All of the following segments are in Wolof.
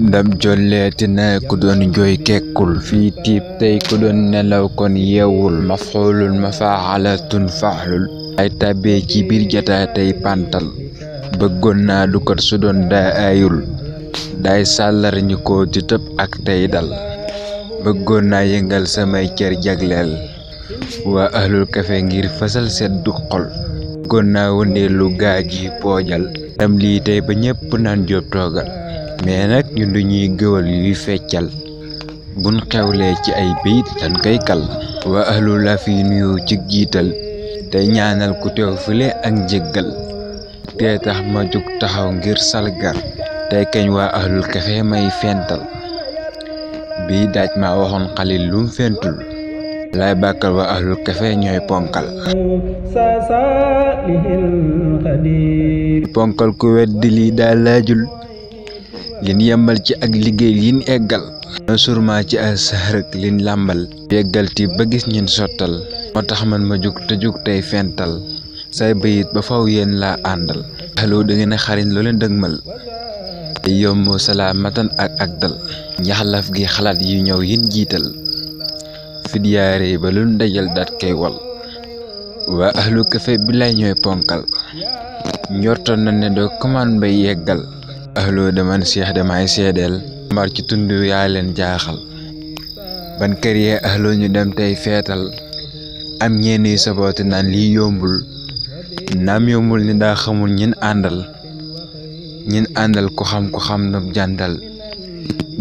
ndab jolleeti na ku doon jooy kekkul fii tiib tey ku doon nelaw kon yeewul mafxuulul mafaaxalatun faxlul ay tàbbee ci biir jataa tey pàntal bëggoon naa du su doon daa aayul day sàllar ñi ko di tëb ak tey dal bëggoon naa yëngal samay cër jagleel waa ahlul kafe ngir fasal seddu xol bëggoon naa wëndeelu gaa ji poojal tam lii tey ba ñëpp naan jóob toogal mais nag ñun duñuy gëwal yuy feccal buñ xewlee ci ay bayit dañ koy kal waa ahlu la fi nuyu ci jiital te ñaanal ku teew file ak njëggal te tax ma jóg taxaw ngir salgar tey kañ waa ahlul kafe may fental bii daaj ma waxoon xalil lum fentul lay bàkkal wa ahlul kafe ñooy ponkal ponkal ku weddi lii daal laajul lin yembal ci ak liggéey lin eggal na surma ci ay saxarëk lin làmbal yeggal ti ba gis ñin sottal moo tax man ma jug te jug tey fental say bayit ba faw yéen laa àndal xaloo da ngeen a xariñ loo leen dëgmal yomb salaamatan ak ak dal njaxlaf gi xalaat yu ñëw yin jiital fidyaare ba lu ndajal daat koy wal waa ahlu kafe bi lay ñooy ponkal njortoon na ne doo commande bay yeggal ahloo daman seex damay seedeel mbar ci tund yaa leen jaaxal ban kër yee ahloo ñu dem tey feetal am ñeen yu saboote naan lii yombul naam yombul ni daa xamul ñin àndal ñin àndal ku xam ku xam na jàndal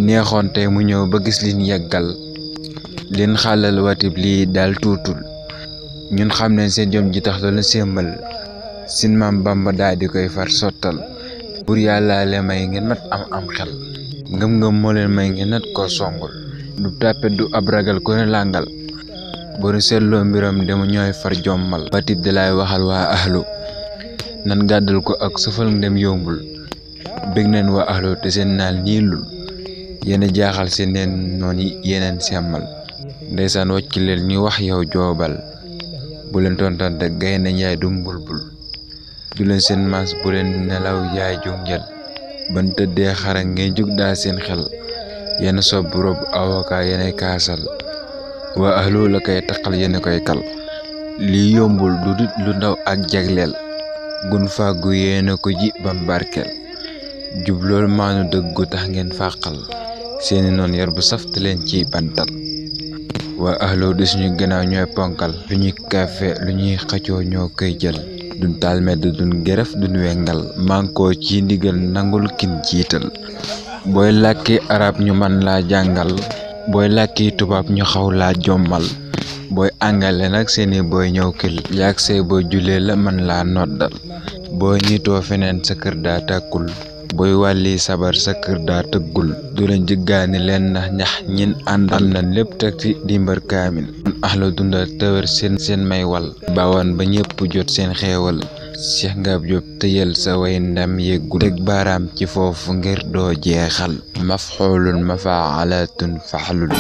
neexoon tey mu ñëw ba gis liñ yeggal leen xàllal watib lii daal tuutul ñun xam ne seen jom ji tax loolu sémbal sin maam bamba daal di koy far sottal buur yàlla leen may ngeen mat am xel ngëm-ngëm moo leen may ngeen nat koo songul du tàppet du ab ragal ku ne làngal bonu seetloo mbiram demu ñooy far jombal watib di laay waxal waa ahlu nan gàddal ko ak sëfal ndem yombul bég nañ waa ahlu te seen naal ñii lul yéen jaaxal seen noonu yeneen semmal ndeysaan wàcc leen ñu wax yow joobal bu leen tontante gaynde njaay dum bulbul du leen seen maas bu leen nelaw yaay jug ban tëddee xara ngeen jóg daa seen xel yenn sob rob avocat yenay kaasal waa ahlu la koy taqal yenn koy kal lii yombul du dit lu ndaw ak jagleel gun fàggu yéena ko ji bam barkeel jublool maanu dëggu tax ngeen fàqal seeni noon yar bu safte leen ciy bantal waa axloo di suñu gannaaw ñooy ponkal lu ñuy kafe lu ñuy xëccoo ñoo koy jël duñ taalmedd duñ geref duñ wengal mànkoo ci ndiggal nangul kin jiital booy làkki arab ñu man laa jàngal booy làkki tubaab ñu xaw laa jommal booy àngale nag seeni booy ñëw kil yaag booy julee la man laa noddal booy ñiitoo feneen sa kër daa tàkkul booy wàlli sabar sa kër tëggul du la jëggaani leen ndax ñax ñin àndal na lépp teg ci dimbar kaamil kon axla dundal seen seen may wal bawan ba ñëpp jot seen xeewal Cheikh nga Diop tëyal sa way ndam yëggul teg baaraam ci foofu ngir doo jeexal maf xoolul mafaalatun faxlul